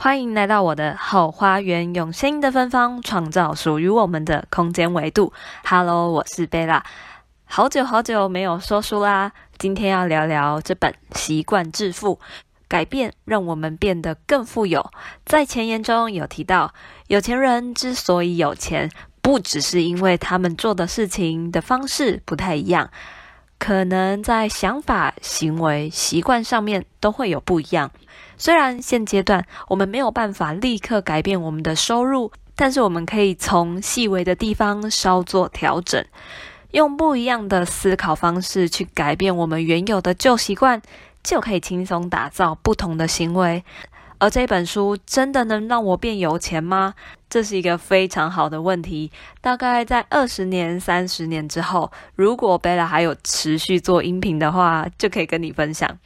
歡迎來到我的 Hoo 花園，用聲音的芬芳創造屬於我們的空間維度。Hello，我是 Bella，好久好久沒有說書啦。今天要聊聊這本《習慣致富》，改變讓我們變得更富有。在前言中有提到，有錢人之所以有錢，不只是因為他們做的事情的方式不太一樣，可能在想法、行為、習慣上面都會有不一樣。雖然現階段我們沒有辦法立刻改變我們的收入，但是我們可以從細微的地方稍作調整，用不一樣的思考方式去改變我們原有的舊習慣，就可以輕鬆打造不同的行為。而這本書真的能讓我變有錢嗎？這是一個非常好的問題。大概在二十年、三十年之後，如果 Bella 還有持續做音頻的話，就可以跟你分享。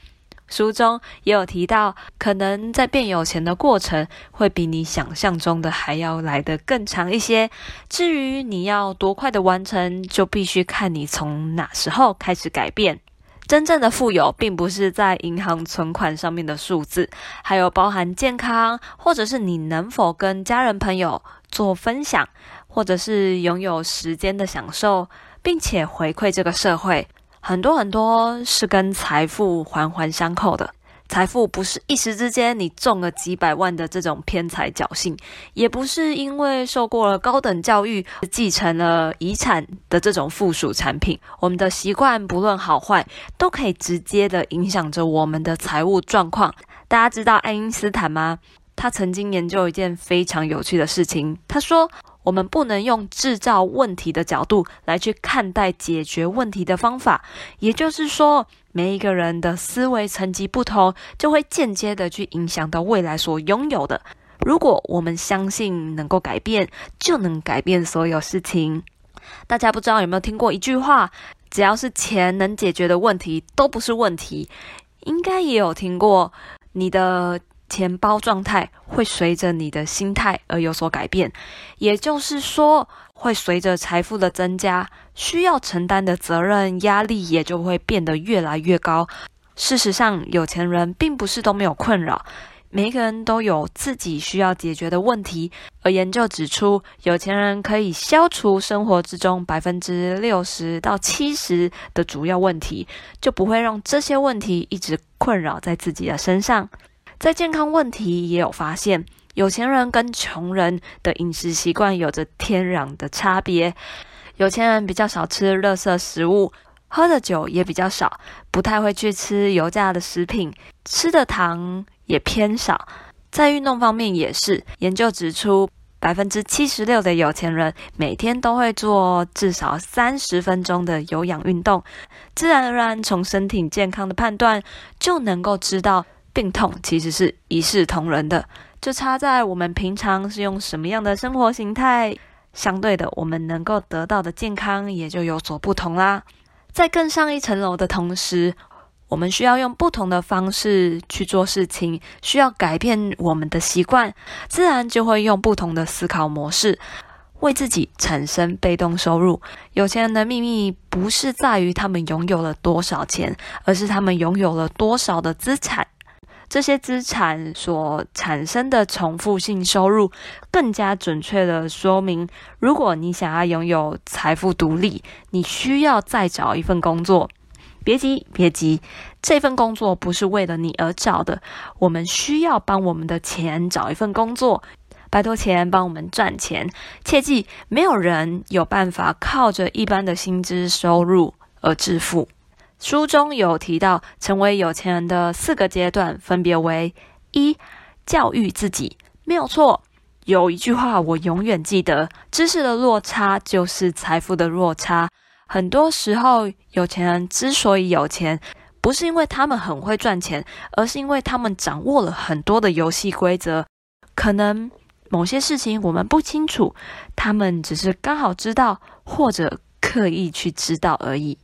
書中也有提到，可能在變有錢的過程會比你想象中的還要來得更長一些。至於你要多快的完成，就必須看你從哪時候開始改變。真正的富有，並不是在銀行存款上面的數字，還有包含健康，或者是你能否跟家人朋友做分享，或者是擁有時間的享受，並且回饋這個社會。很多很多是跟財富環環相扣的，財富不是一時之間你中了幾百萬的這種偏財僥倖，也不是因為受過了高等教育而繼承了遺產的這種附屬產品。我們的習慣不論好壞，都可以直接的影響着我們的財務狀況。大家知道愛因斯坦嗎？他曾經研究一件非常有趣的事情，他說：我們不能用製造問題的角度來去看待解決問題的方法，也就是說，每一個人的思維層級不同，就會間接的去影響到未來所擁有的。如果我們相信能夠改變，就能改變所有事情。大家不知道有沒有聽過一句話：只要是錢能解決的問題，都不是問題。應該也有聽過，你的。錢包狀態會隨着你的心態而有所改變，也就是說，會隨着財富的增加，需要承擔的責任、壓力也就會變得越來越高。事實上，有錢人並不是都沒有困擾，每個人都有自己需要解決的問題。而研究指出，有錢人可以消除生活之中百分之六十到七十的主要問題，就不會讓這些問題一直困擾在自己的身上。在健康問題也有發現，有錢人跟窮人的飲食習慣有着天壤的差別。有錢人比較少吃垃圾食物，喝的酒也比較少，不太會去吃油炸的食品，吃的糖也偏少。在運動方面也是，研究指出76，百分之七十六的有錢人每天都會做至少三十分鐘的有氧運動。自然而然，從身體健康的判斷就能夠知道。病痛其實是一視同仁的，就差在我們平常是用什麼樣的生活形態，相對的，我們能夠得到的健康也就有所不同啦。在更上一層樓的同時，我們需要用不同的方式去做事情，需要改變我們的習慣，自然就會用不同的思考模式，為自己產生被動收入。有錢人的秘密不是在於他們擁有了多少錢，而是他們擁有了多少的資產。這些資產所產生的重複性收入，更加準確地說明：如果你想要擁有財富獨立，你需要再找一份工作。別急，別急，這份工作不是為了你而找的。我們需要幫我們的錢找一份工作，拜托錢幫我們賺錢。切記，沒有人有辦法靠着一般的薪資收入而致富。書中有提到，成為有錢人的四個階段，分別為：一、教育自己，沒有錯。有一句話我永遠記得，知識的落差就是財富的落差。很多時候，有錢人之所以有錢，不是因為他們很會賺錢，而是因為他們掌握了很多的遊戲規則。可能某些事情我們不清楚，他們只是剛好知道，或者刻意去知道而已。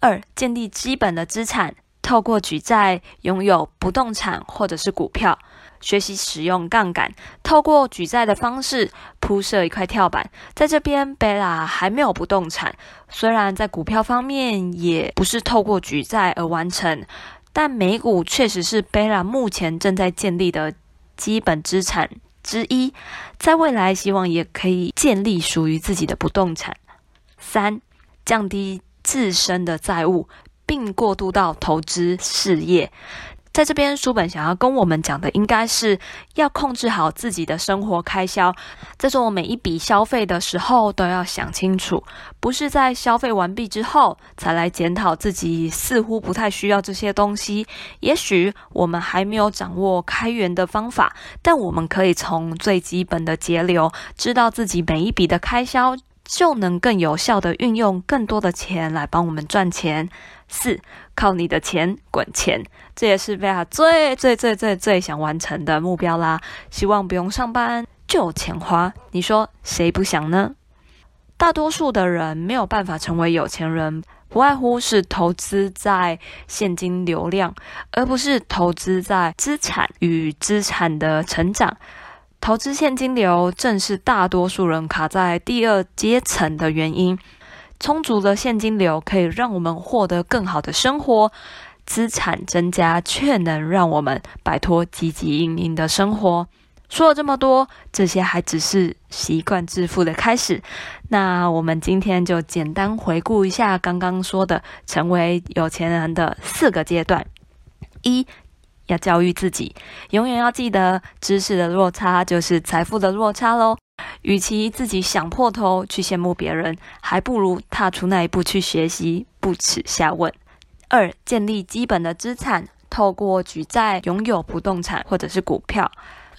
二、建立基本的資產，透過舉債擁有不動產或者是股票，學習使用槓桿，透過舉債的方式鋪設一塊跳板。在這邊，貝拉還沒有不動產，雖然在股票方面也不是透過舉債而完成，但美股確實是貝拉目前正在建立的基本資產之一，在未來希望也可以建立屬於自己的不動產。三、降低。自身的債務，並過渡到投資事業。在這邊，書本想要跟我們講的，應該是要控制好自己的生活開銷，在做每一筆消費的時候都要想清楚，不是在消費完畢之後才來檢討自己似乎不太需要這些東西。也許我們還沒有掌握開源的方法，但我們可以從最基本的節流，知道自己每一筆的開銷。就能更有效地運用更多的錢來幫我們賺錢。四，靠你的錢滾錢，這也是 Bella 最最最最最想完成的目標啦！希望不用上班就有錢花，你說誰不想呢？大多數的人沒有辦法成為有錢人，不外乎是投資在現金流量，而不是投資在資產與資產的成長。投資現金流正是大多數人卡在第二階層的原因。充足的現金流可以讓我們獲得更好的生活，資產增加卻能讓我們擺脫汲汲營營的生活。說了這麼多，這些還只是習慣致富的開始。那我們今天就簡單回顧一下剛剛說的成為有錢人的四個階段：一。要教育自己，永遠要記得，知識的落差就是財富的落差嘍。與其自己想破頭去羨慕別人，還不如踏出那一步去學習，不恥下問。二、建立基本的資產，透過舉債擁有不動產或者是股票，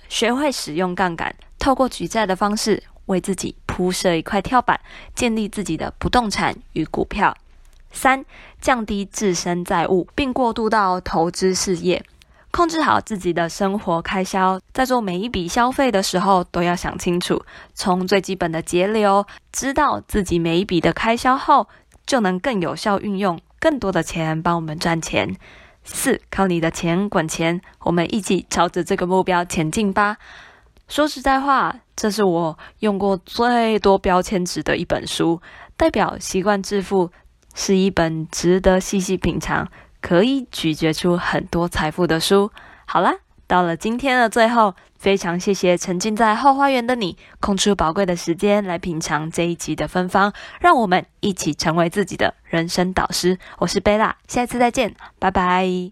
學會使用槓桿，透過舉債的方式為自己鋪設一塊跳板，建立自己的不動產與股票。三、降低自身債務，並過渡到投資事業。控制好自己的生活開銷，在做每一筆消費的時候都要想清楚，從最基本的節流，知道自己每一筆的開銷後，就能更有效運用更多的錢幫我們賺錢。四、靠你的錢滾錢，我們一起朝着這個目標前進吧。說實在話，這是我用過最多標籤紙的一本書，代表習慣致富是一本值得細細品嘗。可以咀嚼出很多財富的書。好啦，到了今天的最後，非常謝謝沉浸在後花園的你，空出寶貴的時間來品嘗這一集的芬芳。讓我們一起成為自己的人生導師。我是貝拉，下次再見，拜拜。